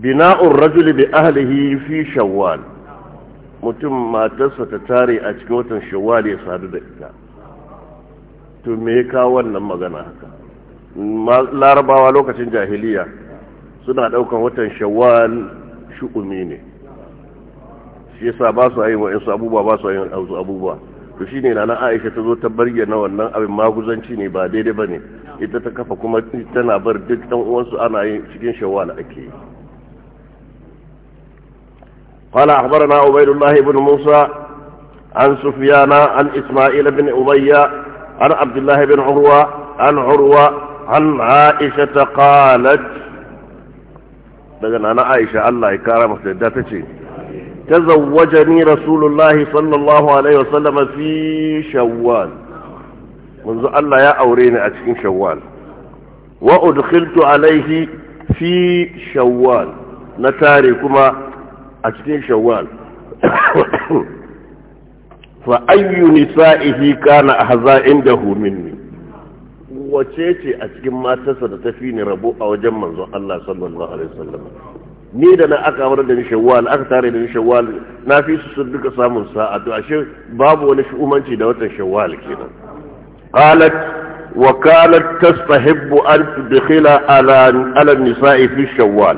bina'ur rajuli bi ahlihi fi shawwal mutum matarsa ta tare a cikin watan shawwal ya sadu da ita to me ka wannan magana haka larabawa lokacin jahiliya suna daukan watan shawwal shu'umi ne shi yasa ba su abubuwa ba su yin wasu abubuwa to shi ne aisha ta zo ta bayyana wannan abin maguzanci ne ba daidai ba ne ita ta kafa kuma tana bar duk ɗan uwansu ana yin cikin shawwal ake yi قال أخبرنا عبيد الله بن موسى عن سفيان عن إسماعيل بن أبي عن عبد الله بن عروة عن عروة عن عائشة قالت أنا عائشة الله كرم سيداتي تزوجني رسول الله صلى الله عليه وسلم في شوال منذ الله يا أوريني أتكين شوال وأدخلت عليه في شوال نتاري كما a cikin shawwal fa ayyu nisa'ihi kana ahza indahu minni wace ce a cikin matarsa da tafi ni rabo a wajen manzon Allah sallallahu alaihi wasallam ni da na aka amara da ni shawwal aka tare da ni shawwal na fi su sun duka samun sa'a to ashe babu wani shu'umanci da watan shawwal kenan qalat wa kanat tastahibbu an tudkhila ala ala nisa'i fi shawwal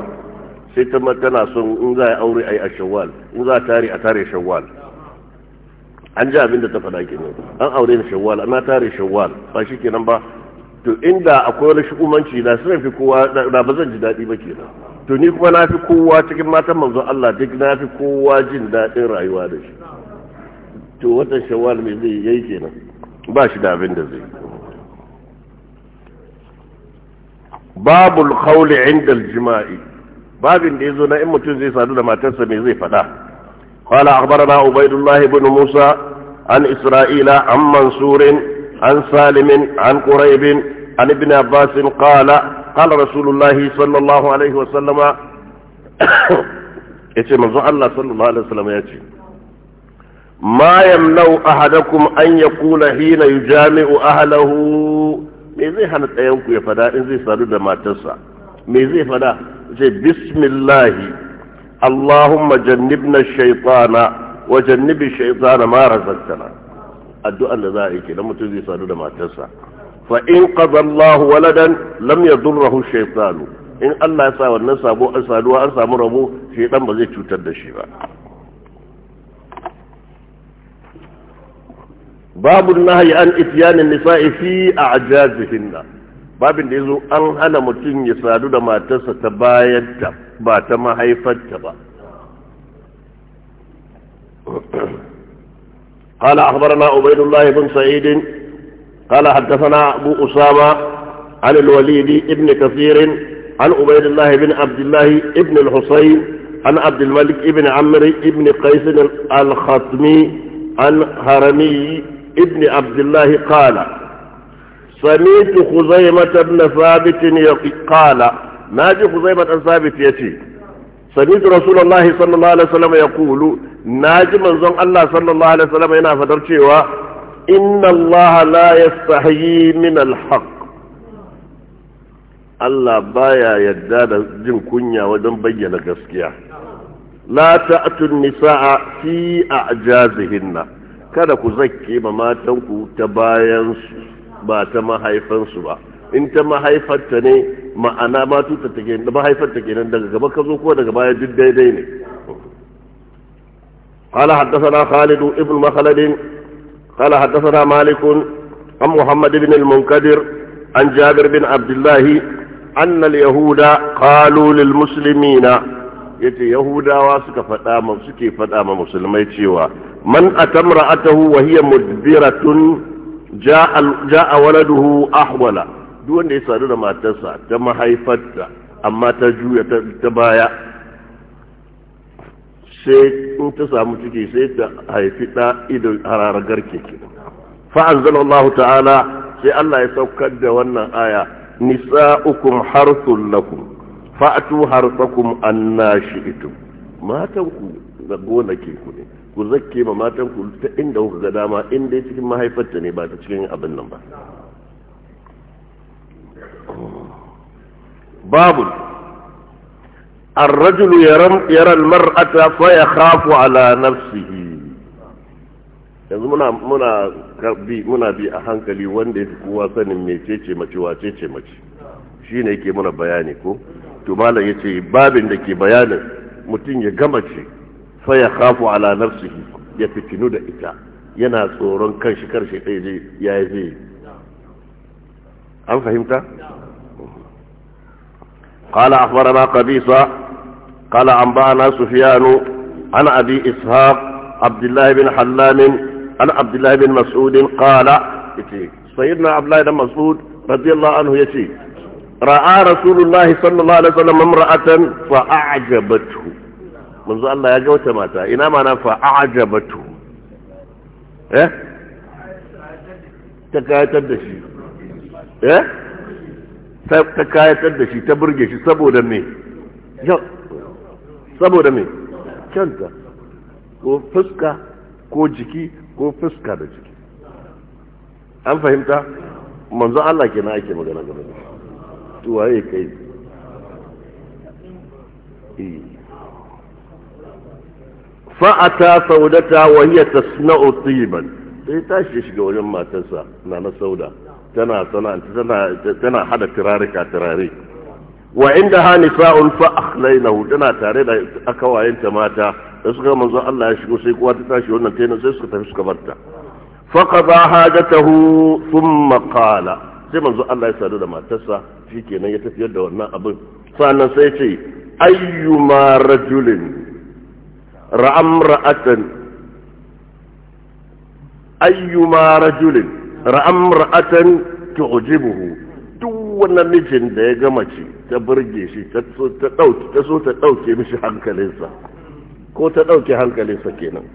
sai ta tana son in za a aure a yi a shawwal in za a tare a tare shawwal an ji abin da ta faɗa ke an aure ni shawwal ana tare shawwal ba shi kenan ba to inda akwai wani shukumanci na sun fi kowa na ba zan ji daɗi ba kenan to ni kuma na fi kowa cikin matan manzo Allah duk na fi kowa jin daɗin rayuwa da shi to watan shawwal me zai yi kenan ba shi da abin da zai babul khawli inda al-jima'i babin da yazo na in mutum zai sadu da matarsa me zai faɗa qala akhbarana ubaidullah ibn musa an isra'ila an mansur an salim an quraib an ibn abbas qala qala rasulullah sallallahu alaihi wa sallama yace manzo Allah sallallahu alaihi wa sallama yace ما يمنع أحدكم أن يقول حين يجامع أهله me zai hana ɗayanku ya fada in zai sadu da matarsa me zai fada যে বিসমিল্লাহি আল্লাহম জন্নিবন শৈতানা ও জন্নিবি শৈতানা মারা সচ্চনা أدو أن ذلك لم تزي ما تسع فإن قضى الله ولدا لم يضره الشيطان إن الله يسعى والنسى أبو أسعى لو أسعى مربو في لم يزي تتد الشفاء باب النهي عن إتيان النساء في أعجازهن babin da yazo an hana mutum ya sadu da matarsa ta bayar ta ba ta mahaifarta ba قال أخبرنا عبيد الله بن سعيد قال حدثنا أبو أسامة عن الوليد ابن كثير عن عبيد الله بن عبد الله ابن الحسين عن عبد الملك ابن عمري ابن قيس الخطمي عن هرمي ابن عبد الله قال سمعت خزيمة بن ثابت قال ناجي خزيمة بن ثابت يتي سمعت رسول الله صلى الله عليه وسلم يقول ناجي من زن الله صلى الله عليه وسلم هنا فترشي إن الله لا يستحيي من الحق Allah baya yadda da jin kunya wajen bayyana gaskiya la ta'tun nisaa fi a'jazihinna kada ku zakke ma matanku ta bayan su ba ta mahaifansu ba in ta mahaifarta ne ma'ana ma tuta take da mahaifarta nan daga gaba ka zo ko daga baya duk daidai ne قال حدثنا خالد ابن مخلد قال حدثنا مالك عن محمد بن المنكدر عن جابر بن عبد الله أن اليهود قالوا للمسلمين yace yahudawa suke faɗa ma musulmai cewa man atamra'atahu wa hiya tun. ja'a waladuhu ahwala duk wanda ya sadu da matarsa ta mahaifarta amma ta juya ta baya sai in ta samu ciki sai ta haifi ɗa idan hararar garke ke fa'anzan Allah ta'ala sai Allah ya saukar da wannan aya nisa'ukum harsun lakum fa'atu harsakum anna ito matan ku da gonake ku ne ku zakke ma matan ku ta inda kuka ga dama in cikin mahaifarta ne ba ta cikin abin nan ba babu الرجل يرى يرى المرأة فيخاف على نفسه yanzu muna muna bi muna bi a hankali wanda ya fi kowa sanin mecece mace wacece mace shine yake muna bayani ko to malam yace babin da ke bayanin mutum ya gama ce faya kafu ala nafsi ya fitinu da ita yana tsoron kan shi karshe ɗaya ya yi zai an fahimta? kala akwara na kabisa an ba na su fiyanu an abdullahi bin hallamin an abdullahi bin masudin kala ita sayidna abdullahi da masud radiyallahu anhu ya ce ra'a rasulullahi sallallahu alaihi wasallam mamra'atan fa a'jabatu manzo Allah ya ga wata mata ina mana fa a'jabatu eh ta kayatar da shi eh ta kayatar da shi ta burge shi saboda me saboda me kyanta ko fuska ko jiki ko fuska da jiki an fahimta manzo Allah na ake magana game da shi tuwaye kai eh. fa'ata saudata wa hiya tasna'u tiban sai tashi shiga wajen matarsa na na sauda tana sana tana tana hada turarika turare wa inda ha nisa'un fa na tana tare da akawayenta mata da suka manzo Allah ya shigo sai kowa ta tashi wannan tayin sai suka tafi suka barta fa qada hajatahu thumma qala sai manzo Allah ya sadu da matarsa shikenan ya tafiyar da wannan abin sannan sai ce ayyuma rajulin ra'am ra'atan ayyuma rajulin ra'am ra'atan tu'jibuhu duk wannan mijin da ya gama ce ta burge shi ta so ta dauke ta so ta dauke mishi hankalinsa ko ta dauke hankalinsa kenan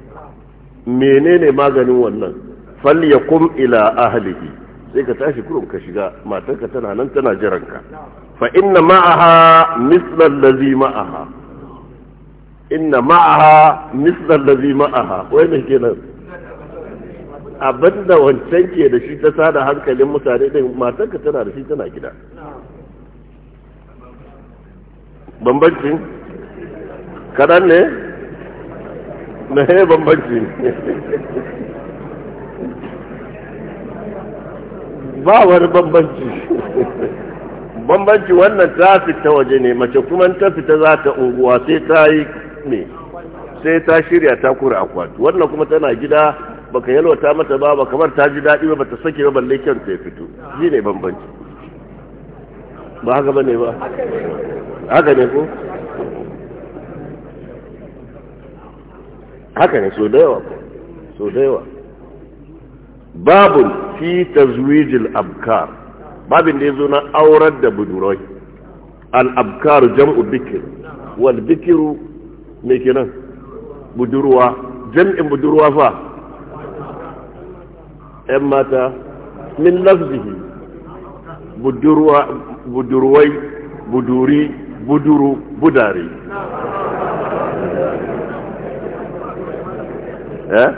menene maganin wannan fal yakum ila ahlihi sai ka tashi kurum ka shiga matarka tana nan tana jiranka fa inna ma'aha mislan ladhi ma'aha inna ma'aha mislar da zai ma'aha wai ne kenan abin da wancan ke da shi ta sada hankalin mutane din ka tana da shi tana gida bambancin kaɗan ne na he bambanci ba wani bambanci bambanci wannan ta fita waje ne mace kuma ta fita za ta unguwa sai ta yi me sai ta shirya ta kura akwati wannan kuma tana gida baka yalwata mata ba ba kamar ta ji daɗi ba ba ta sake ba balle kyan ta fito shi ne bambanci ba haka bane ba haka ne ko haka ne so da yawa so da yawa babun fi tazwijil abkar babin da yazo na aurar da budurai al abkar jam'u bikr wal bikru me kenan budurwa jam'in budurwa fa yan mata min lafzihi budurwa budurwai buduri buduru budare eh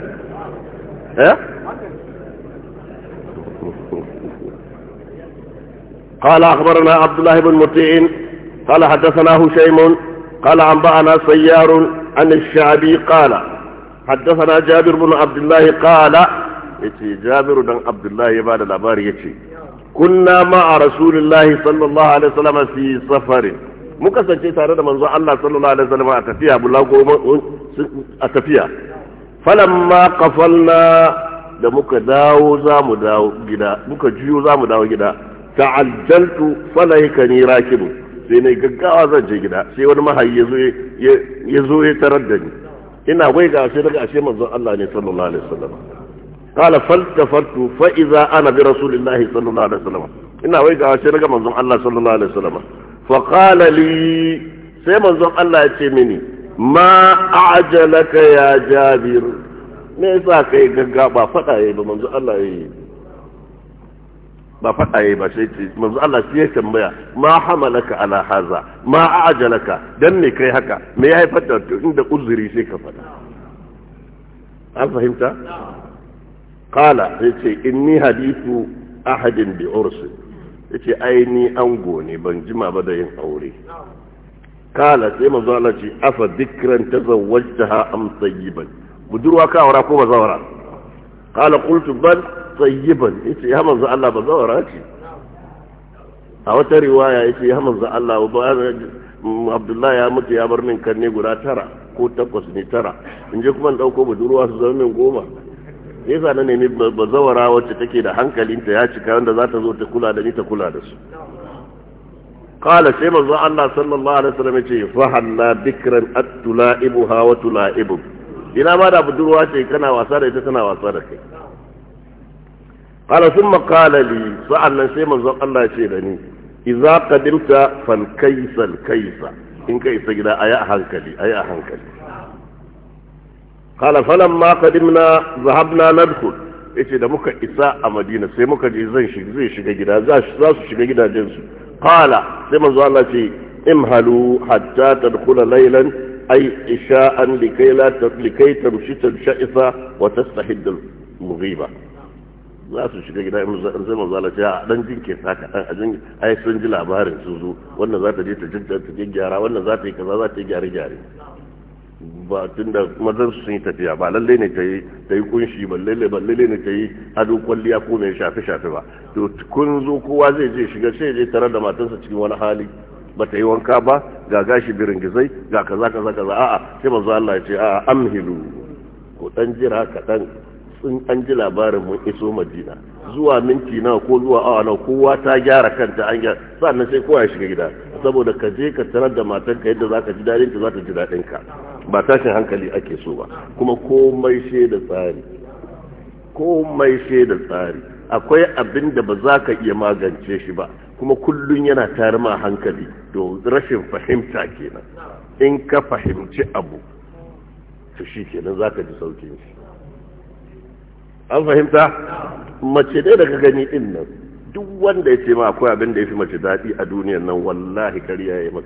eh قال أخبرنا عبد الله بن مطيع قال حدثنا هشيم قال أنبأنا سيار عن الشعبي قال حدثنا جابر بن عبد الله قال يتي جابر بن عبد الله يبعد الأبار يتي كنا مع رسول الله صلى الله عليه وسلم في سفر مكسن تare da manzo Allah sallallahu alaihi wasallam a tafiya bulago a tafiya falamma qafalna da muka dawo zamu dawo gida muka juyo za dawo gida ta'ajjaltu falaikani sai na gaggawa zan je gida sai wani mahayi ya zo ya tarar da ni ina wai ga sai daga ashe manzon Allah ne sallallahu alaihi wasallam qala faltafartu fa idza ana bi rasulillahi sallallahu alaihi wasallam ina wai ga sai daga manzon Allah sallallahu alaihi wasallam fa qala li sai manzon Allah ya ce mini ma a'jalaka ya jabir me yasa kai gaggaba fada yayi ba manzon Allah yayi ba faɗa yayi ba sai ce manzo Allah shi ya tambaya ma hamalaka ala haza ma ajalaka dan me kai haka me ya haifar da inda uzuri sai ka faɗa an fahimta qala sai ce inni hadithu ahadin bi ursi yace ai ni ango ne ban jima ba da yin aure kala sai manzo Allah ce afa dhikran tazawwajtaha am tayyiban budurwa ka aura ko bazawara qala qultu bal tayyiban yace ya manzo Allah ba zawara ce a wata riwaya yace ya manzo Allah ba Abdullahi ya mutu ya bar min karne guda tara ko takwas ne tara in je kuma dauko budurwa su zama min goma yasa na nemi bazawara wacce take da hankalinta ya cika wanda za ta zo ta kula da ni ta kula da su Allah, sallallahu alaihi قال سيما الله صلى الله عليه وسلم فهلا بكرا أتلائبها وتلائبك ina ma da budurwa ce kana wasa da ita tana wasa da kai qala thumma qala li sa'annan sai manzon Allah ce da ni idza qadimta fal al kaysa in kai isa gida ayi a hankali ayi a hankali qala falamma qadimna zahabna nadkhul yace da muka isa a Madina sai muka je zan shiga zai shiga gida za su shiga gidajen su qala sai manzon Allah ce imhalu hatta tadkhula laylan أي إشاء لكي, لا لكي تمشي تنشئفة وتستحد المغيبة لا تشكي shiga gida in sai manzo ce a dan jinke sa ka dan ajin ai sun ji labarin su zo wannan za ta je ta jinta ta gyara wannan za ba tunda mazan sun yi tafiya ba lalle ne ta yi ta yi kunshi ba lalle ba lalle ne ta yi hadu kwalliya ko mai shafe shafe ba to kun zo kowa zai je shiga sai je tare da matansa cikin wani hali bata yi wanka ba ga gashi biringizai ga kaza kaza kaza a'a sai manzo Allah ya ce a'a amhilu ko dan jira kadan sun an ji labarin mun iso Madina zuwa minti nawa ko zuwa awa nawa kowa ta gyara kanta an gyara sannan sai kowa ya shiga gida saboda ka je ka tarar da matanka yadda zaka ji dadin ta ji dadin ka ba tashin hankali ake so ba kuma komai she da tsari komai she da tsari akwai abin da ba za ka iya magance shi ba kuma kullum yana tare ma hankali to rashin fahimta kenan in ka fahimci abu to shi kenan za ka ji saukin shi an fahimta mace dai da ka gani din nan duk wanda ya ce ma akwai abin da ya fi mace daɗi a duniyar nan wallahi kariya ya yi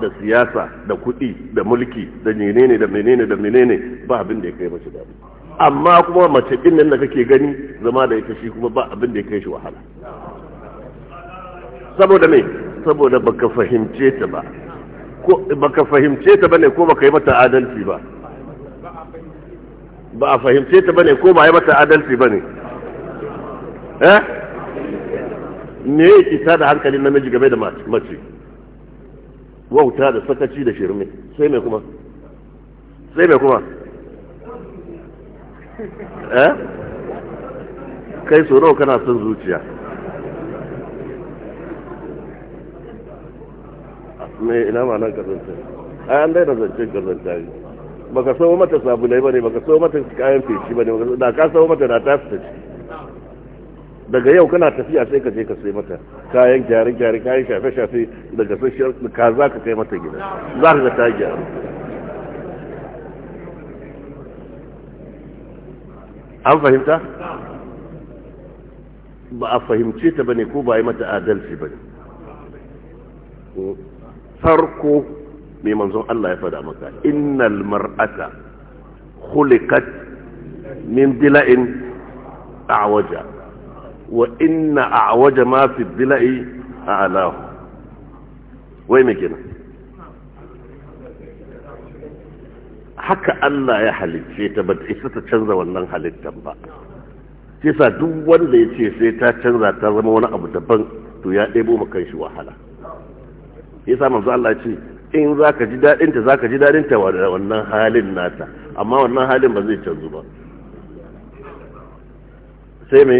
da siyasa da kuɗi da mulki da menene da menene da menene ba abin da ya kai mace daɗi amma kuma mace din nan da kake gani zama da ita shi kuma ba abin da ya kai shi wahala saboda me saboda baka fahimce ta ba ko baka fahimce ta bane ko baka yi mata adalci ba ba a fahimce ta bane ko ba yi mata adalci bane eh me yake ta da hankali namiji game da mace wauta da sakaci da shirme sai me kuma sai me kuma eh kai so nawa kana son zuciya me ina ma nan kazanta ai an daina zancen kazanta ne baka sawo mata sabulai ne, baka sawo mata kayan feshi ne da ka sau mata da ta tafi. ci daga yau kana tafiya sai ka je ka sai mata kayan gyare gyare kayan shafe shafe daga sashiyar kaza ka kai mata gida za ka ga ta gyara هل فهمتها بقى فهمتي تبني كوبا اي متى ادلسي بني فرقه بمنظوم الله يفدع مكا ان المرأة خلقت من دلاء اعوجا وان اعوج ما في الدلاء اعلاه وين كنا haka Allah ya halicce ta ba ta isa ta canza wannan halittar ba yasa duk wanda ya ce sai ta canza ta zama wani abu daban to ya ɗebo ma kanshi wahala yasa manzo Allah ya ce in zaka ji dadin ta zaka ji dadin ta wannan halin nata amma wannan halin ba zai canzu ba sai me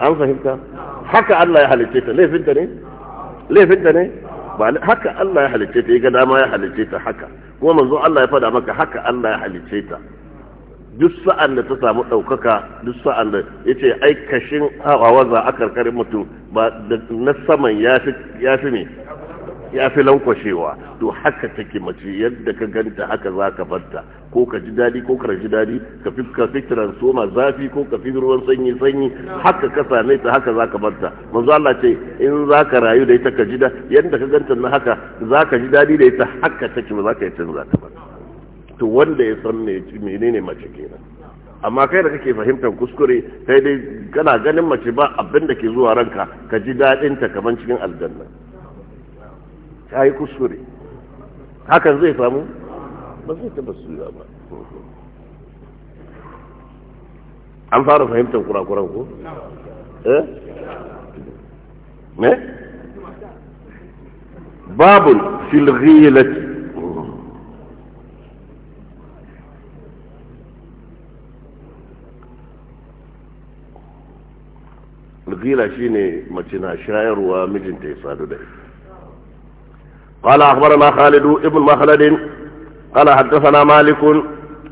an fahimta haka Allah ya halicce ta laifinta ne laifinta ne ba haka Allah ya halicce ta ga dama ya halicce ta haka kuma manzo Allah ya fada maka haka Allah ya halicce ta duk sa'an da ta samu ɗaukaka duk sa'an da ya ce ai kashin hawa waza a karkarin mutum ba na saman ya fi ne ya fi lankwashewa to haka take mace yadda ka ganta haka za ka barta ko ka ji daɗi ko ka ji daɗi ka fi ka fi transoma zafi ko ka fi ruwan sanyi sanyi haka ka same ta haka za ka barta manzo Allah ce in za ka rayu da ita ka ji da yadda ka ganta na haka za ka ji daɗi da ita haka take ba za ka yi canza ta ba to wanda ya san menene mace kenan amma kai da kake fahimtar kuskure sai dai kana ganin mace ba abin da ke zuwa ranka ka ji daɗinta kaman cikin aljanna ya yi kuskure hakan zai samu ba zai taba suya ba an fara fahimtar kurakuran ko? eh? ne? babul filghilati shine mace na shayarwa mijinta ya sadu da ita قال أخبرنا خالد ابن مخلد قال حدثنا مالك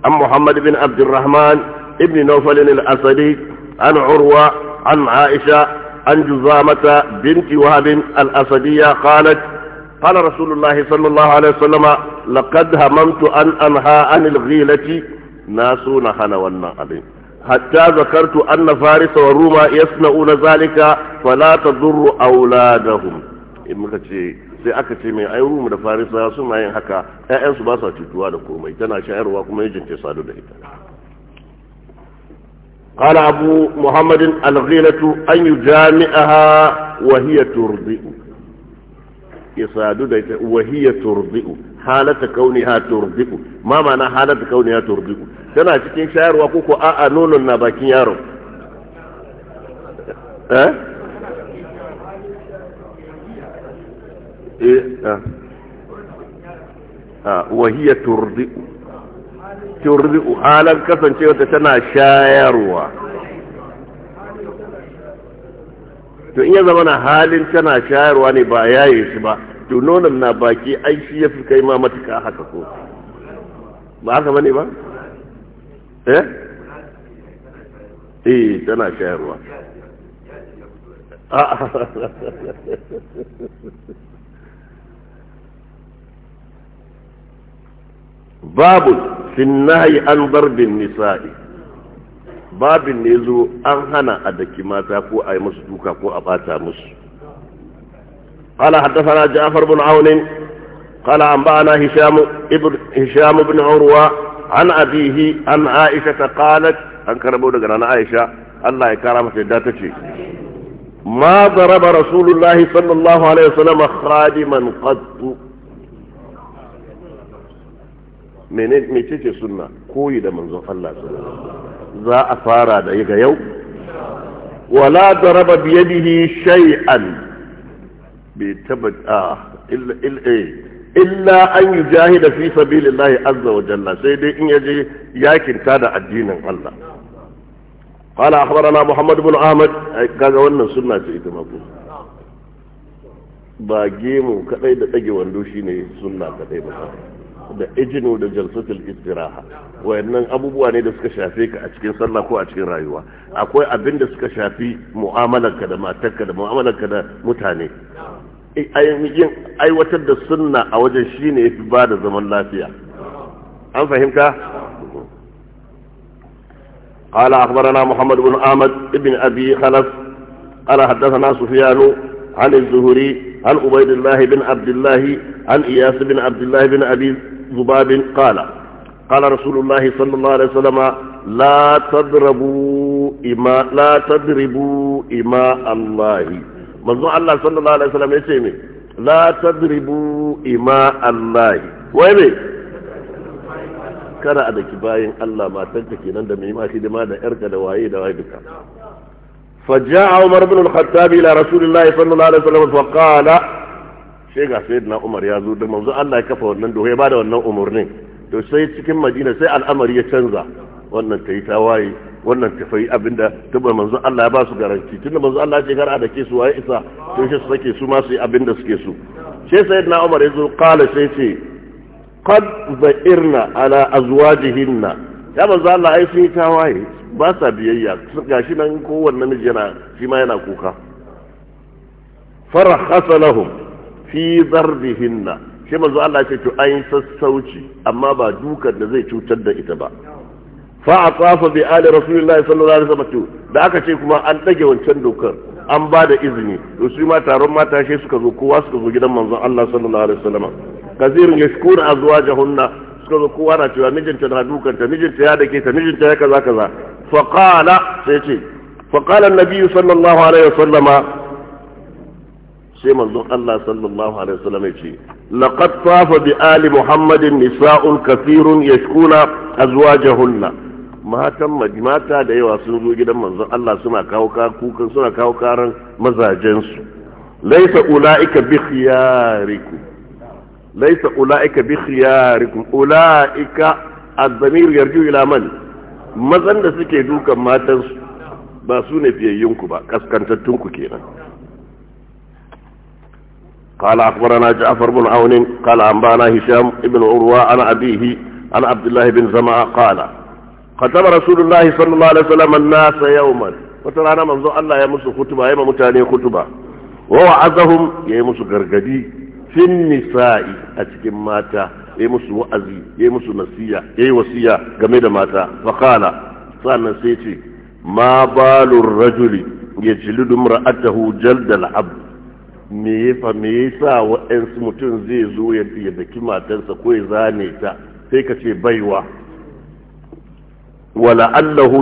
عن محمد بن عبد الرحمن ابن نوفل الأسدي عن عروة عن عائشة عن جزامة بنت وهب الأسدية قالت قال رسول الله صلى الله عليه وسلم لقد هممت أن أنهى عن الغيلة ناسون حنونا عليه حتى ذكرت أن فارس وروما يصنعون ذلك فلا تضر أولادهم إنك sai aka ce mai ai rumu da farisa suna yin haka ƴaƴan su ba sa cutuwa da komai tana shayarwa kuma yajin ce sadu da ita qala abu muhammadin al-ghilatu an yujami'aha wa hiya turdi'u ya sadu da ita wa hiya turdi'u halata kauni ha turdi'u ma ma'ana halata kauni ha turdi'u tana cikin shayarwa ko ko a'a nonon na bakin yaro eh Eh, ah. ah, wahiyya turdi'u turdi'u halar kasancewa ta tana shayarwa to in ya zama na halin tana shayarwa ne ba yaye shi ba to nonon na baki ai ya fi kai ma matuka haka ko ba haka bane ba eh eh tana shayarwa ah. باب في النهي عن ضرب النساء باب نيزو ان هنا ادكي a daki mata ko a yi musu duka ko قال حدثنا جعفر بن عون قال أنبأنا هشام ابن هشام بن عروه عن ابيه عن عائشه قالت ان كربو دغنا عائشه الله يكرمك ذاتك ما ضرب رسول الله صلى الله عليه وسلم خادما قد mece ce sunna koyi da manzon Allah za a fara da ga yau wala daraba biyadihi shay'an Bai tabata illa eh, illa an yujahida fi sabilillahi azza wa jalla sai dai in yaje yakin ta da addinin Allah قال أخبرنا محمد بن Ahmad, kaga wannan sunna ce ita ma ba gemu kadai da dage wando shine sunna kadai ba da ijinu da jalsatul istiraha wayannan abubuwa ne da suka shafe ka a cikin sallah ko a cikin rayuwa akwai abin da suka shafi mu'amalarka da matarka da mu'amalarka da mutane eh, yin aiwatar da sunna a wajen shine yafi ba da zaman lafiya an fahimta قال أخبرنا محمد بن أحمد بن أبي خلف قال حدثنا سفيان عن الزهري عن عبيد الله بن عبد الله عن إياس بن عبد الله بن أبي ذباب قال قال رسول الله صلى الله عليه وسلم لا تضربوا إماء لا تضربوا إماء الله من الله صلى الله عليه وسلم يسمي لا تضربوا إماء الله ويلي kana a da kibayin Allah matanka ke nan da mai ma shi da yarka da waye da waye duka. Fajja Umar bin al-Khattabi ila Rasulullahi sallallahu alaihi wasallam fa qala sai ga na Umar ya zo da manzo Allah ya kafa wannan doka ya bada wannan umurnin to sai cikin Madina sai al'amari ya canza wannan tayi tawaye wannan tafai abinda tuba manzo Allah ya ba su garanti tunda manzo Allah ya ce kar a dake su waye isa to shi su sake su ma su yi abinda suke su sai na Umar ya zo kala sai ce qad za'irna ala azwajihinna ya manzo Allah ai sun yi tawaye ba sa biyayya gashi nan kowanne miji yana shi ma yana kuka farahasa lahum fi zarbihinna shi manzo Allah ce to an sassauci amma ba dukan da zai cutar da ita ba fa atafa bi ali rasulullahi sallallahu alaihi wasallam da aka ce kuma an dage wancan dokar an ba da izini to su ma taron mata shi suka zo kowa suka zo gidan manzon Allah sallallahu alaihi wasallam kazirun yashkuru azwajahunna suka zo kowa na cewa mijinta na ta mijinta ya dake ta mijinta ya kaza kaza fa qala sai ce fa qala an-nabi sallallahu alaihi wasallama sai manzon Allah sallallahu alaihi wasallam ya ce laqad tafa bi ali muhammadin nisa'un kathirun yashkuna azwajahunna matan mata da yawa sun zo gidan manzon Allah suna kawo kukan suna kawo karan mazajen su laysa ulaika bi khiyarikum laysa ulaika bi khiyarikum ulaika az-zamir yarju ila man mazan da suke dukan matan su ba su ne fiyayyunku ba kaskantattun ku kenan قال أخبرنا جعفر بن عون قال أنبانا هشام بن عروة عن أبيه عن عبد الله بن زمعة قال ختم رسول الله صلى الله عليه وسلم الناس يوما من منذ الله يمس خطبة يما متاني خطبة ووعظهم يمس غرغدي في النساء أتكم ماتا يمس وأزي يمس نسية يي وسية جميل ماتا فقال صلى سيتي ما بال الرجل يجلد امرأته جلد العبد me ya fa me sa waɗansu mutum zai zo ya daki matarsa ko ya zane ta sai ka ce baiwa wala allahu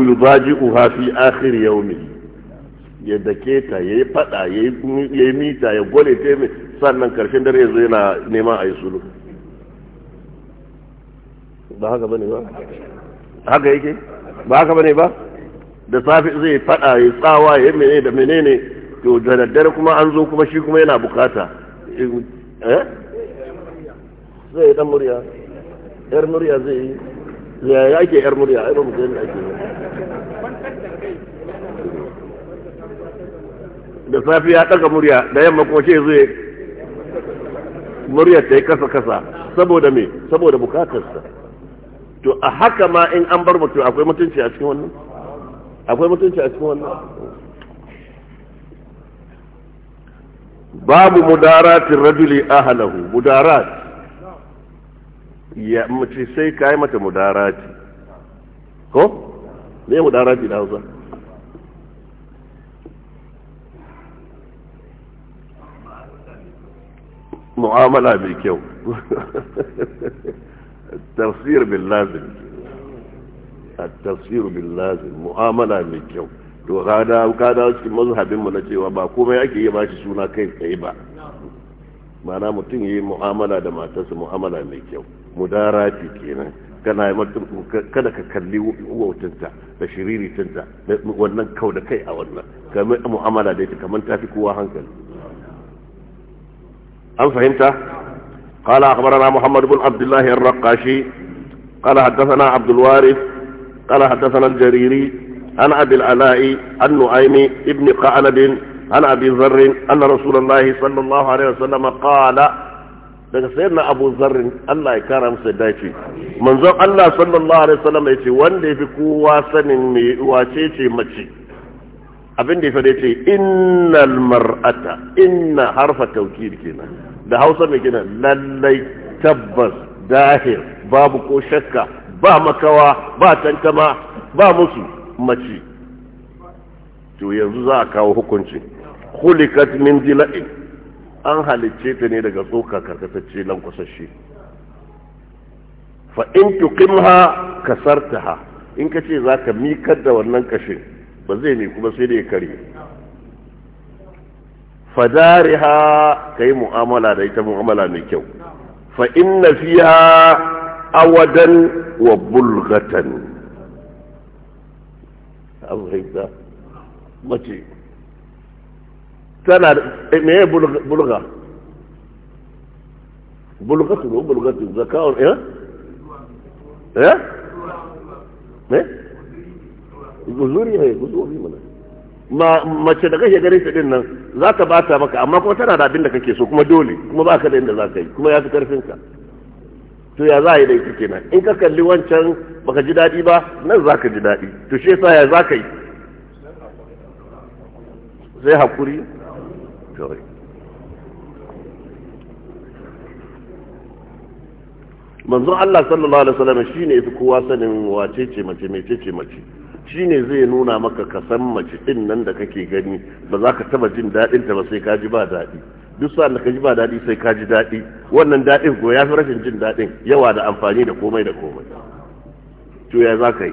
uha fi akhir ne ya dake ta yayi fada yayi mita ya gole ta yi sannan karshen dare ya zo yana neman yi sulu ba haka bane ba haka yake ba haka bane ba da safi zai fada ya tsawa ya menene da menene to da daddare kuma an zo kuma shi kuma yana bukata eh? Zai zai dan murya yar murya zai yi ya ake yar murya ai ba mu gani ake da safi ya daga murya da yamma kuma ce zai murya ta yi kasa kasa saboda me saboda bukatarsa to a haka ma in an bar mutum akwai mutunci a cikin wannan akwai mutunci a cikin wannan babu mudaratin rajuli ahlahu mudarat ya mace sai ka yi mata mudarati ko me mudarati da hausa mu'amala mai kyau tafsir bin lazim tafsir bin lazim mu'amala mai kyau. to kada kada cikin mazhabin mu na cewa ba komai ake ba bashi suna kai tsaye ba mana mutum yi mu'amala da matarsa mu'amala mai kyau ce kenan kana kada ka kalli wautinta da shiriritinta wannan kau da kai a wannan kamar mu'amala da ita kamar tafi kowa hankali an fahimta akhbarana muhammad ibn abdullah ar الله qala hadathana abdul warith qala hadathana al jariri. عن أبي العلاء عن نعيم ابن قعنب عن أبي ذر أن رسول الله صلى الله عليه وسلم قال daga sayyidina Abu Zarrin Allah ya kara masa dace manzon Allah sallallahu alaihi wasallam yace wanda yafi kowa sanin mai wace ce mace abin da yafi yace innal mar'ata inna harfa tawkid kenan da Hausa mai gina lallai tabbas dahir babu ko shakka ba makawa ba tantama ba musu mace to yanzu za a kawo hukunci hulikat min dila'in an halicce ta ne daga tsoka karkatacce lankwasashe fa in tuqimha kasartaha in ka ce za ka mikar da wannan kashe ba zai ne kuma sai da ya karye fadariha ka yi mu'amala da ita mu'amala mai kyau fa inna fiha awadan wa bulgatan abuwa mace tana eh, meye bulga bulga su ne bulga su zaka wani eh? ya? Eh? ya? me? guzuri ne guzuri mana ma mace da kashe gare ta din nan za ta bata maka amma kuma tana da abin da kake so kuma dole kuma ba ka da inda za ka yi kuma ya fi karfinka to ya za a yi da ita kenan in ka kalli wancan baka ji daɗi ba nan za ka ji daɗi to shi yasa ya za ka yi sai hakuri kawai manzon Allah sallallahu alaihi wasallam shine yafi kowa sanin wace ce mace mece ce mace shine zai nuna maka ka san mace din nan da kake gani ba za ka taba jin daɗin ta ba sai ka ji ba daɗi duk sa'an da ka ji ba daɗi sai ka ji daɗi wannan daɗin ko ya fi rashin jin daɗin yawa da amfani da komai da komai to ya za ka yi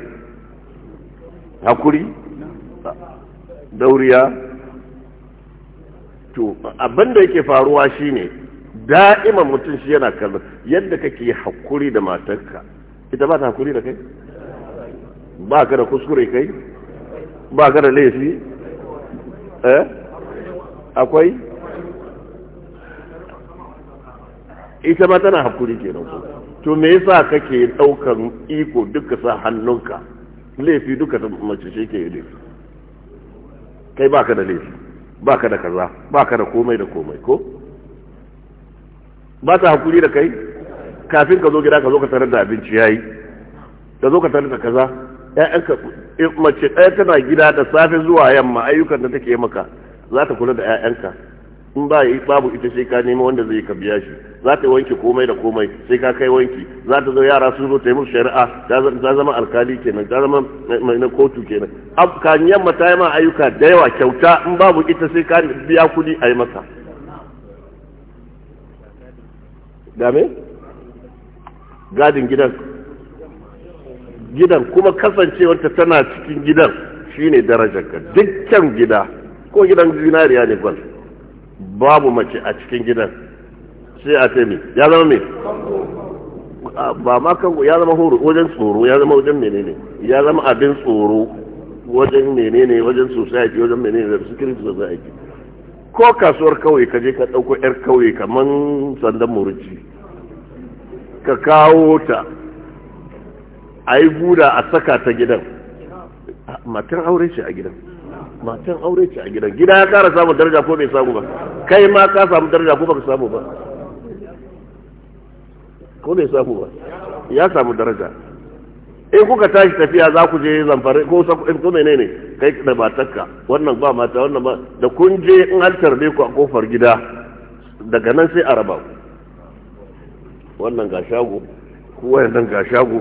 hakuri dauriya to abin da yake faruwa shine da'ima mutum shi yana kallon yadda kake hakuri da matarka ita ba ta hakuri da kai ba ka da kuskure kai ba ka da laifi eh akwai ita ma tana hakuri kenan ko to me yasa kake daukan iko duka sa hannunka laifi duka ta mace ce ke laifi kai baka da laifi baka da kaza baka da komai da komai ko ba ta hakuri da kai kafin ka zo gida ka zo ka tarar da abinci yayi ka zo ka tarar da kaza ƴaƴanka mace ɗaya tana gida da safe zuwa yamma ayyukan da take maka za ta kula da ƴaƴanka in ba babu ita sai ka nemo wanda zai ka biya shi za ta wanke komai da komai sai ka kai wanki za ta zo yara sun zo ta shari'a ta zama alkali kenan ta zama na kotu kenan kan yamma ta yi ma ayyuka da yawa kyauta in babu ita sai ka biya kudi a yi masa game gadin gidan gidan kuma kasancewarta tana cikin gidan shine darajar ka dukkan gida ko gidan zinariya ne gwal babu mace a cikin gidan sai a taimi ya zama mai ba ma kan ya zama horo wajen tsoro ya zama wajen menene ya zama abin tsoro wajen menene wajen society wajen menene da security society ko kasuwar kawai ka je ka ɗauko yar kawai kaman sandan muruci ka kawo ta a yi guda a saka ta gidan matan aure ce a gidan matan aure ce a gida gida ya kara samun daraja ko bai samu ba kai ma ka samu daraja ko baka samu ba ko bai samu ba ya samu daraja in kuka tashi tafiya za ku je zamfare ko eh, ko menene kai da matarka wannan ba mata wannan ba da kun je in halkar ku a kofar gida daga nan sai a raba wannan ga shago ko wannan ga shago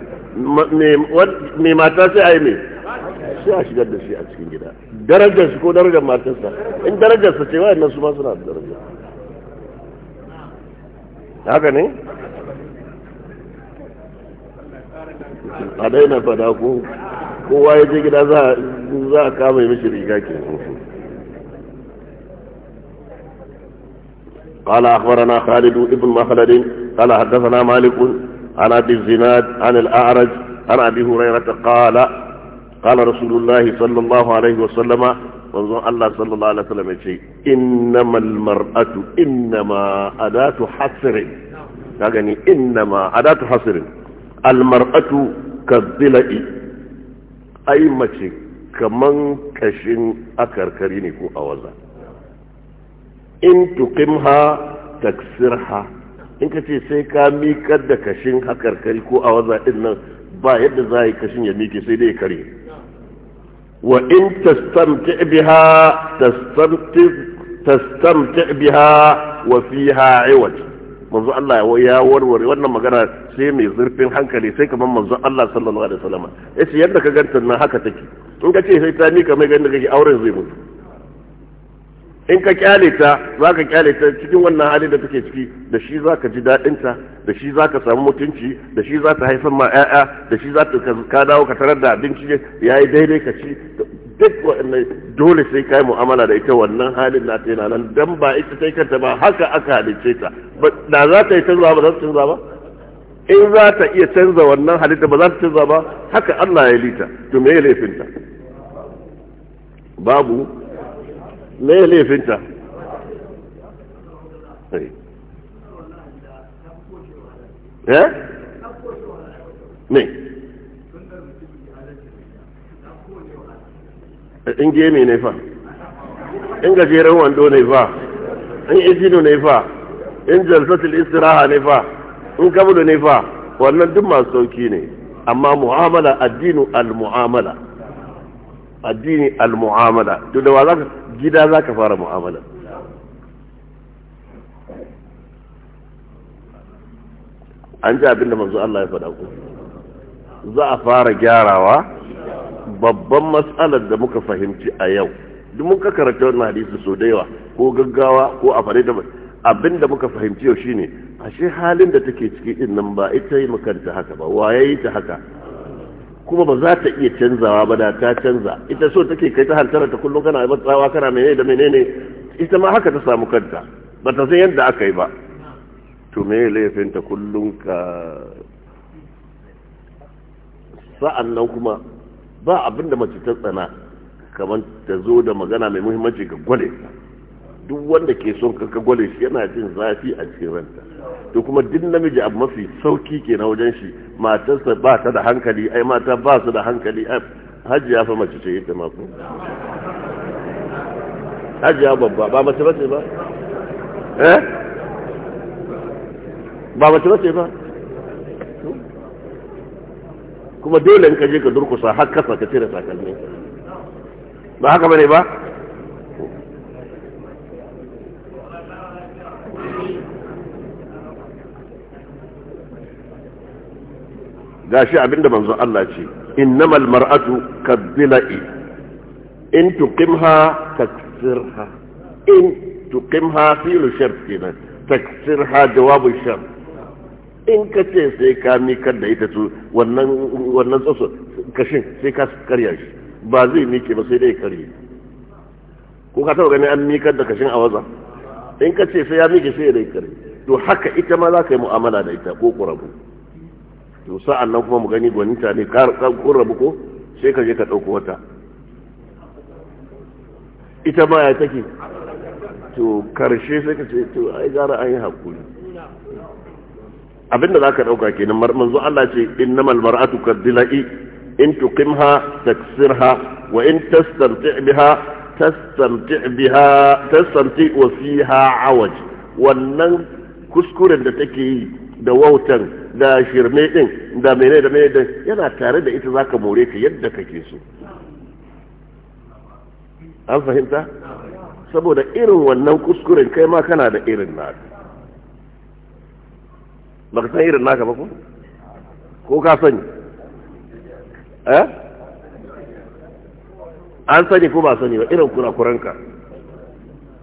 me mata sai a yi me sai a shigar da shi a cikin gida darajar shi ko darajar matarsa in darajar sa ce su ma suna da haka ne a daina fada ko kowa ya je gida za a kama mishi riga ke قال أخبرنا خالد بن مخلد قال حدثنا مالك عن أبي الزناد عن الأعرج عن أبي هريرة قال قال رسول الله صلى الله عليه وسلم manzon Allah sallallahu alaihi wasallam yace innamal mar'atu innama adatu hasrin ka gani innama adatu hasrin al mar'atu kadhilai ai mace kaman kashin akarkari ne ko awaza in in ka ce sai ka miƙar da kashin hakarkari ko awaza din nan ba yadda za yi kashin ya miki sai dai ya karye wa تستمتع بها تستمتع تستمتع بها وفيها عوج manzo Allah ya warware wannan magana sai mai zurfin hankali sai kamar manzo Allah sallallahu alaihi wasallam yace yadda ka ganta nan haka take in ka ce sai ta mika mai ganin kake auren zai mutu in ka kyale ta za ka kyale ta cikin wannan hali da take ciki da shi za ka ji ta da shi za ka samu mutunci da shi za ta haifar ma 'ya'ya da shi za ta ka dawo ka tarar da abinci ya yi daidai ka ci duk waɗannan dole sai ka yi mu'amala da ita wannan halin na tana nan dan ba ita ta kanta ba haka aka halice ta da za ta yi canza ba za ta canza ba in za ta iya canza wannan halitta ba za ta canza ba haka Allah ya lita to me ya laifinta babu me laifinta eh me in gemi ne fa in gajeren wando ne fa in izinu ne fa in jalsatul istiraha ne fa in kabulu ne fa wannan duk masu sauki ne amma mu'amala addinu al-mu'amala addini al-mu'amala to da wa zaka gida zaka fara mu'amala an ji abinda manzo Allah ya faɗa ku za a fara gyarawa babban matsalar da muka fahimci a yau duk muka karanta wannan hadisi so da yawa ko gaggawa ko a fare da abinda muka fahimci yau shine ashe halin da take ciki din nan ba ita yi makanta haka ba wa waye ta haka kuma ba za ta iya canzawa ba da ta canza ita so take kai ta hantara ta kullum kana ba tsawa kana menene da menene ita ma haka ta samu kanta ba ta san yadda aka yi ba to me laifin ta kullum ka sa'an nan kuma ba abin da mace ta tsana kamar ta zo da magana mai muhimmanci ga gwale duk wanda ke son ka gwale shi yana jin zafi a cikin ranta to kuma duk namiji abu mafi sauki ke na wajen shi matarsa ba ta da hankali ai mata ba su da hankali Hajji ya fa mace ce ita ma Hajji ya babba ba mace bace ba eh ba mace bace ba kuma dole in ka je ka durkusa har kasa ka cire takalmi ba haka bane ba gashi abinda manzon Allah ce innamal mar'atu kadbila'i in tuqimha taksirha in tuqimha fi'lu shart kenan taksirha jawabu shart in ka ce sai ka mi da ita su wannan wannan tsoso kashin sai ka karya shi ba zai ke ba sai dai karye ko ka taba gani an mi da kashin a waza in ka ce sai ya ke sai dai karye to haka ita ma za ka yi mu'amala da ita ko ƙurabu. to sa'an nan kuma mu gani gwaninta ne kun rabu ko sai ka je ka ɗauko wata ita ma ya take to karshe sai ka ce to ai gara an yi haƙuri abinda za ka ɗauka kenan manzo Allah ce innamal mar'atu kaddila'i in tuqimha taksirha wa in tastamti' biha tastamti biha tastamti wa fiha awaj wannan kuskuren da take yi da wautan da shirme din da mene da mene din yana tare da ita zaka more ta yadda kake so an fahimta saboda irin wannan kuskuren kai ma kana da irin naka baka san irin naka ba ko ko ka sani eh an sani ko ba sani ba irin ka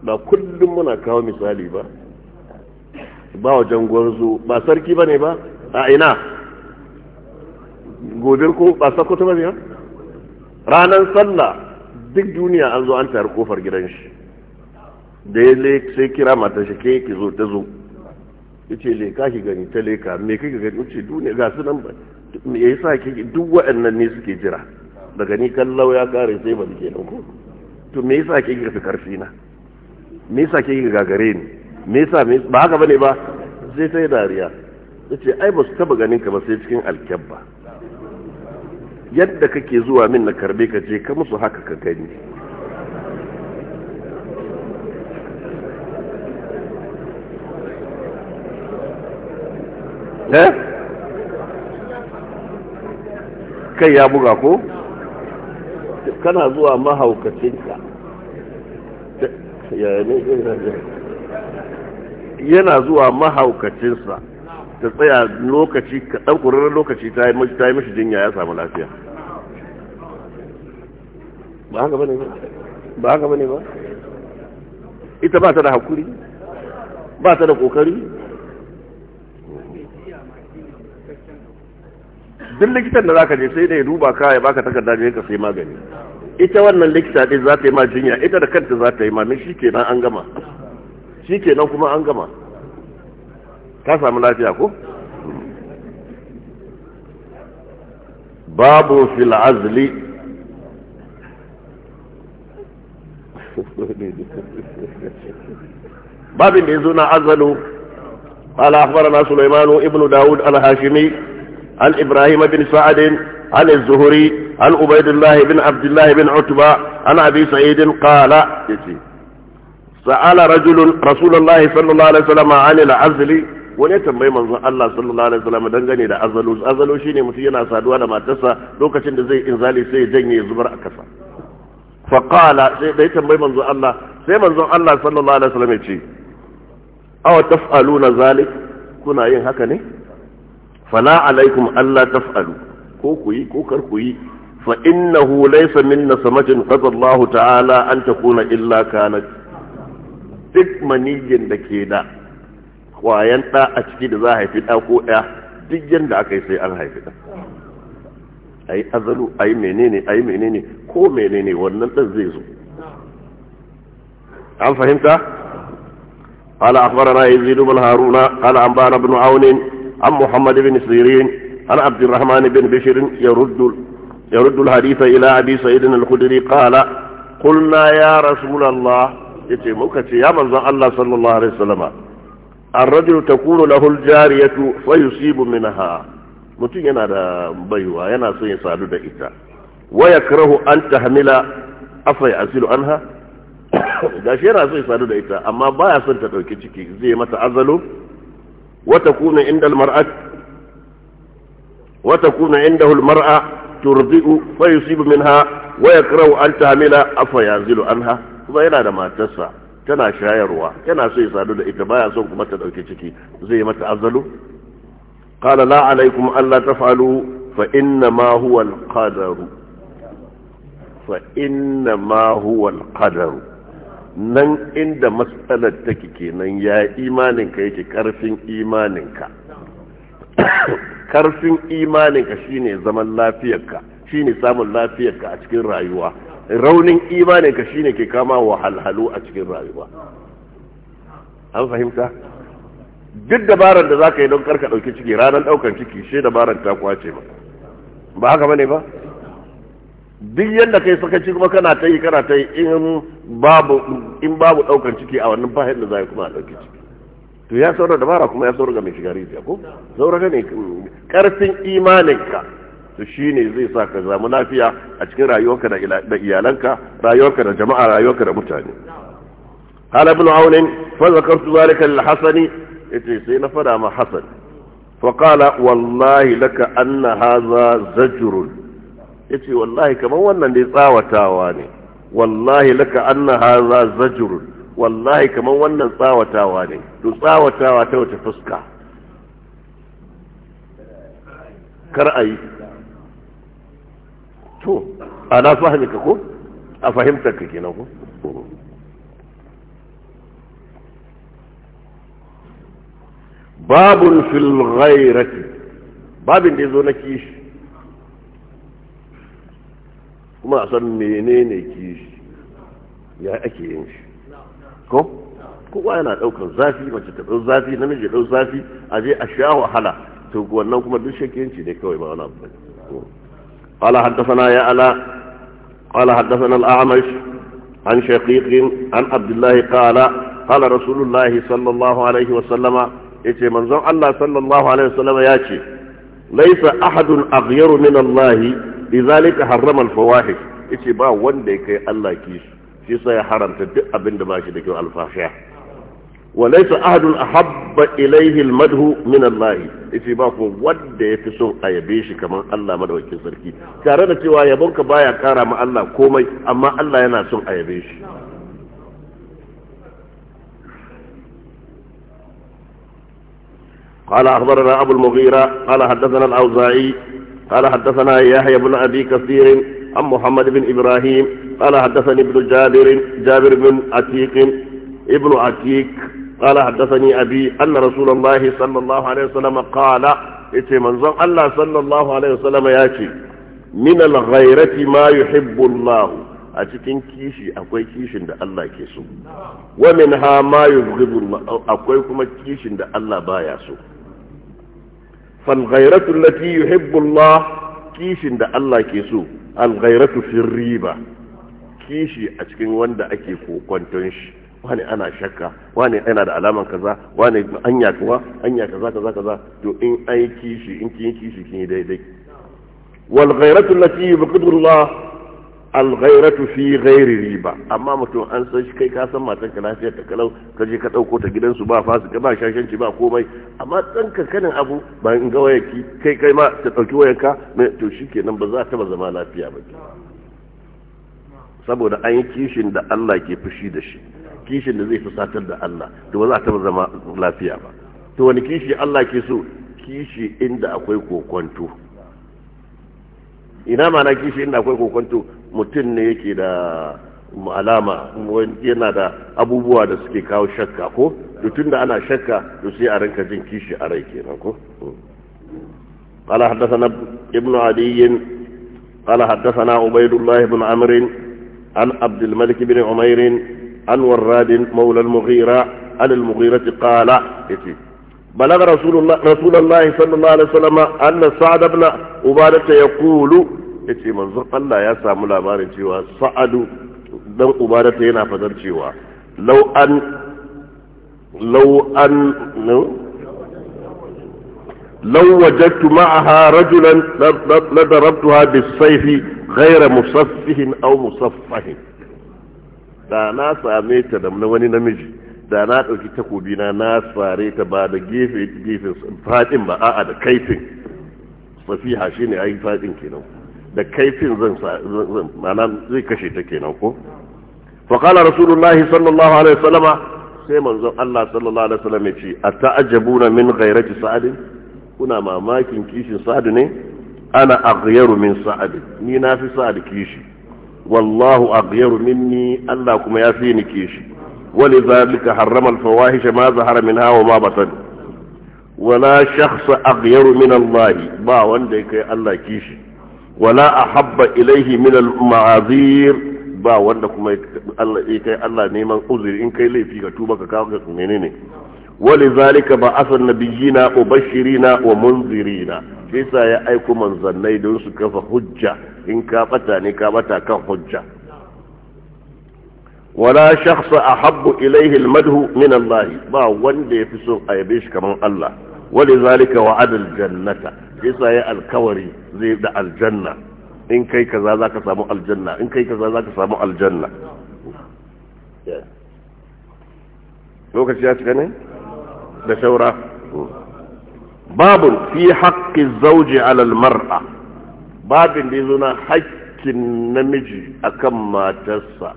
ba kullum muna kawo misali ba ba wajen gwarzo ba sarki ba ne ba a ina gobe ko ba sako ba ne ranar sallah duk duniya an zo an tayar kofar gidan shi da ya sai kira mata shi ke ki zo ta zo ya ce leka ki gani ta leka me kika gani ce duniya ga su nan ba ya yi sa ki duk waɗannan ne suke jira daga ni kallau ya kare sai ba ke nan ko to me yasa ke ga karfi na me yasa ke ga gagare ni me yasa ba haka bane ba sai sai dariya ce ai ba su taba ganin ka ba sai cikin alkyabba yadda kake zuwa min na karbe ka je ka musu haka ka gani kai ya buga ko kana zuwa mahaukacinka yana zuwa mahaukacinsa ta tsaya lokaci ka ɗaukurar lokaci ta yi mashi jinya ya samu lafiya ba haka bane ba ba haka bane ba ita ba ta da hakuri ba ta da kokari duk likitan da zaka je sai da duba ka ya baka takarda ne ka sai magani ita wannan likita ɗin za ta yi ma jinya ita da kanta za ta yi ma ne shi kenan an gama shi kenan kuma an gama ka samu lafiya ko babu fil azli babin da yazo na azalu قال أخبرنا سليمان ابن داود الهاشمي عن إبراهيم بن سعد عن الزهري عن عبيد الله بن عبد الله بن عتبة عن أبي سعيد قال سأل رجل رسول الله صلى الله عليه وسلم عن العزل wani ya tambayi manzo Allah sallallahu alaihi wasallam dangane da azalu azalu shine mutum yana saduwa da matarsa lokacin da zai inzali sai ya janye zubar a kasa fa qala sai dai tambayi manzo Allah sai manzo Allah sallallahu alaihi wasallam ya ce aw taf'aluna zalik kuna yin haka ne fala alaikum alla taf'alu ko ku yi ko kar ku yi fa innahu laysa minna samatin qadallahu ta'ala an takuna illa kanat duk manijin da ke da kwayan ɗa a ciki da za a haifi ɗa ko ɗaya duk yadda aka yi sai an haifi ɗa a yi azalu a yi menene a yi menene ko menene wannan ɗan zai zo an fahimta قال أخبرنا يزيد haruna هارون قال أنبانا bin عون an محمد bin سيرين عن عبد الرحمن بن بشر يرد قلنا يا رسول الله ya manzon Allah sallallahu alaihi wasallama الرجل تكون له الجارية فيصيب منها mutum yana da baiwa yana son ya sadu da ita waya karahu an tahmila afai asilu anha gashi yana son ya sadu da ita amma baya son ta ɗauki ciki zai mata azalo wata kuna inda almar'a wata kuna inda almar'a turdi'u fa yusibu minha waya karahu an tahmila afai asilu ha kuma yana da matarsa tana shayarwa yana so ya sadu da ita baya son kuma ta dauke ciki zai mata azalu qala la alaikum alla taf'alu fa inna ma huwa alqadar fa inna ma huwa alqadar nan inda matsalar take kenan ya imaninka yake karfin imaninka karfin imaninka shine zaman lafiyarka shine samun lafiyarka a cikin rayuwa raunin imanin ka shine ke kama wa halhalu a cikin rayuwa an fahimta duk dabarar da zaka yi don karka dauki ciki ranar daukan ciki she dabarar ta kwace ba ba haka bane ba duk yadda kai sakaci kuma kana ta yi kana ta yi in babu in babu daukan ciki a wannan bahin da zai kuma a dauki ciki to ya saura dabara kuma ya saura ga mai shiga rijiya ko saura ne karfin imaninka to shi ne zai sa ka zamu lafiya a cikin rayuwarka da iyalanka rayuwarka da jama'a rayuwarka da mutane qala ibn aun fa zakartu kan Hassani hasan ce sai na fada ma Hassan. fa qala wallahi laka anna hadha zajr ce wallahi kamar wannan dai tsawatawa ne wallahi laka anna haza zajr wallahi kamar wannan tsawatawa ne to tsawatawa ta wata fuska kar a yi to a su fahimta ko a fahimtar ka kenan ko babun fil ghairati babin da ya zo na kishi kuma a san menene kishi ya ake yin shi ko kowa yana daukar zafi mace ta dau zafi namiji dau zafi a je a sha wahala to wannan kuma duk shakiyanci ne kawai ba wani abu ne قال حدثنا يا ألا قال حدثنا الأعمش عن شقيق عن عبد الله قال قال رسول الله صلى الله عليه وسلم yace manzon Allah sallallahu alaihi wasallam ya ce laisa ahadun aghyaru min Allah lidhalika harrama al-fawahish ba wanda yake Allah kishi shi sai ya haramta duk abin da ba shi da kyau alfashiya وليس أحد أحب إليه المده من الله إذا باكو ود يفسون أيبيش كما الله مدعو يكسركي تارد تيوا يبونك بايا كارا ما الله كومي أما الله يناسون أيبيش قال أخبرنا أبو المغيرة قال حدثنا الأوزاعي قال حدثنا يحيى بن أبي كثير عن محمد بن إبراهيم قال حدثني ابن جابر جابر بن عتيق ابن عتيق قال حدثني أبي أن رسول الله صلى الله عليه وسلم قال إتي منظم الله صلى الله عليه وسلم ياتي من الغيرة ما يحب الله أتكين كيشي أكوي كيشي دا الله كيسو ومنها ما يبغض الله أكوي كما كيشي دا الله بايا سو فالغيرة التي يحب الله كيشي دا الله كيسو الغيرة في الريبة كيشي أتكين وان دا أكي كو كونتونش wani ana shakka wani yana da alaman kaza wani anya kuwa anya kaza kaza kaza to in ai kishi in kin kishi kin daidai wal ghairatu allati biqdrullah al ghairatu fi ghairi riba amma mutum an san shi kai ka san matan ka lafiyar ta kalau ka je ka dauko ta gidansu ba fasu ka ba shashanci ba komai amma dan kankanin abu ba in ga wayarki kai kai ma ta dauki wayarka to shikenan ba za ta ba zama lafiya ba saboda an yi kishin da Allah ke fushi da shi kishin da zai fusatar da Allah to ba za ta zama lafiya ba to wani kishi Allah ke so kishi inda akwai kokonto ina mana kishi inda akwai kokonto mutum ne yake da alama yana da abubuwa da suke kawo shakka ko tun da ana shakka to sai a ranka jin kishi a rai kenan ko قال حدثنا ابن عدي قال حدثنا عبيد الله بن عمرو عن عبد الملك بن عمير عن وراد مولى المغيرة عن المغيرة قال بلغ رسول الله رسول الله صلى الله عليه وسلم أن سعد بن عبادة يقول إتي منظر الله يا سامو لاباري تيوا سعد بن عبادة هنا فدر تيوا لو أن لو أن لو وجدت معها رجلا لضربتها بالسيف غير مصفه أو مصفه da na same ta da wani namiji da na ɗauki takobi na na sare ta ba da gefe gefe fadin ba a'a da kaifin fasiha shine ai fadin kenan da kaifin zan zan ma'ana zai kashe ta kenan ko fa qala rasulullahi sallallahu alaihi wasallama sai manzon Allah sallallahu alaihi wasallam ya ce ata'ajabuna min ghairati sa'adin kuna mamakin kishin sa'ad ne ana aghyaru min sa'ad ni na fi sa'ad kishi والله أغير مني الله كما يفيني كيشي ولذلك حرم الفواحش ما ظهر منها وما بطن ولا شخص أغير من الله با وندك الله كيشي ولا أحب إليه من المعاذير با وندك الله نيمان أزر إن كي لي فيك توبك كاوك منيني ولذلك بعث النبيين مبشرين ومنذرين yasa ya aiko manzannai don su kafa hujja in ka bata ne ka bata kan hujja wala shakhsa ahabbu ilayhi almadhu min Allah ba wanda yafi so a yabe shi kaman Allah walizalika wa'ada aljannata yasa ya alkawari zai da aljanna in kai kaza zaka samu aljanna in kai kaza samu aljanna lokaci ya cika ne da shaura babu fi haƙƙi zauje alal mar'a babin da yazo na haƙƙin namiji akan matarsa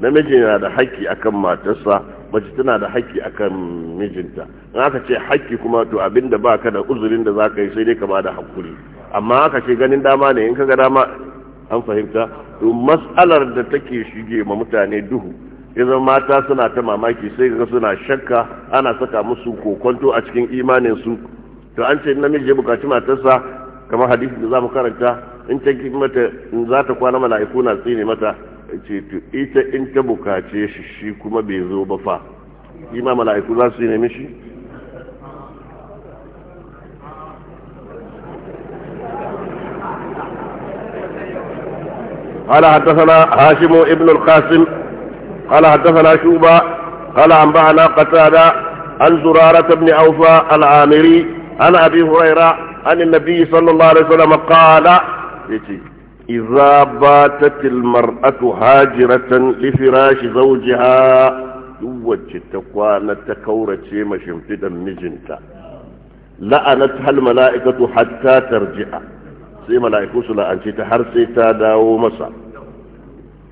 namiji yana da haƙƙi akan matarsa mace tana da haƙƙi akan mijinta in aka ce haƙƙi kuma to abinda baka da uzurin da zaka yi sai dai ka bada hakuri amma aka ce ganin dama ne in ka ga dama an fahimta to mas'alar da take shige ma mutane duhu idan mata suna ta mamaki sai ga suna shakka ana saka musu kokonto a cikin imanin su to an ce namiji ya bukaci matarsa kamar hadisi da zamu karanta in ta ki mata in za ta kwana mala'iku na tsine mata ce to ita in ta bukace shi shi kuma bai zo ba fa ima mala'iku za su nemi shi قال حدثنا هاشم ابن القاسم قال حدثنا شوبا قال أنبأنا قتادة عن زرارة بن أوفى العامري عن أبي هريرة عن النبي صلى الله عليه وسلم قال إذا باتت المرأة هاجرة لفراش زوجها يوجه تقوانا تكورة شيما تدم مجنتا لعنتها الملائكة حتى ترجع سي ملائكة سلا أنت تحرسي تاداو مصر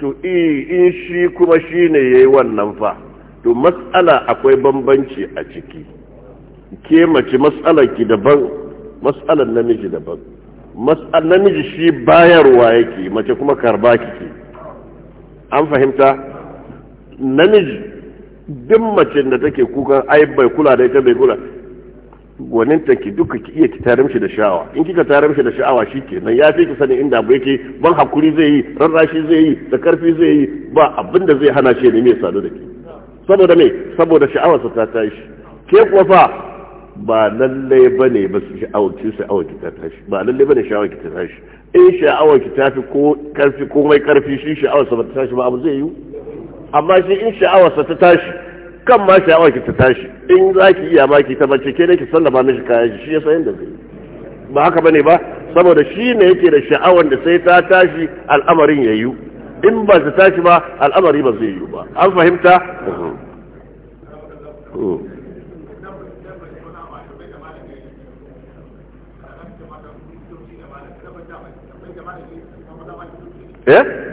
to eh, in shi kuma shi ne ya yi wannan fa to matsala akwai bambanci a ciki ke mace matsalar ki daban matsalar namiji daban matsalar namiji shi bayarwa yake mace kuma karba kike an fahimta namiji duk mace da take kukan ai bai kula da ita bai kula gwanin ki duka ki iya ki tarar shi da sha'awa in kika tarar shi da sha'awa shi ke nan ya fi ki sani inda abu yake ban hakuri zai yi rarrashi zai yi da karfi zai yi ba abin da zai hana shi ne mai sadu da ke saboda me saboda sha'awarsa ta tashi ke kuwa fa ba lalle bane ba su sha'awar ki sha'awar ki ta tashi ba lalle bane sha'awar ki ta tashi in sha'awar ki ta fi ko karfi komai karfi shi sha'awar sa ba ta tashi ba abu zai yi amma shi in sha'awar sa ta tashi kan ma sha'awar ki ta tashi in za ki iya ma ki ta bace ke ne ki sallama mishi kayan shi ya sayan da zai ba haka bane ba saboda shi ne yake da sha'awar da sai ta tashi al'amarin ya yiwu in ba ta tashi ba al'amari ba zai yiwu ba an fahimta hmm. Hmm. eh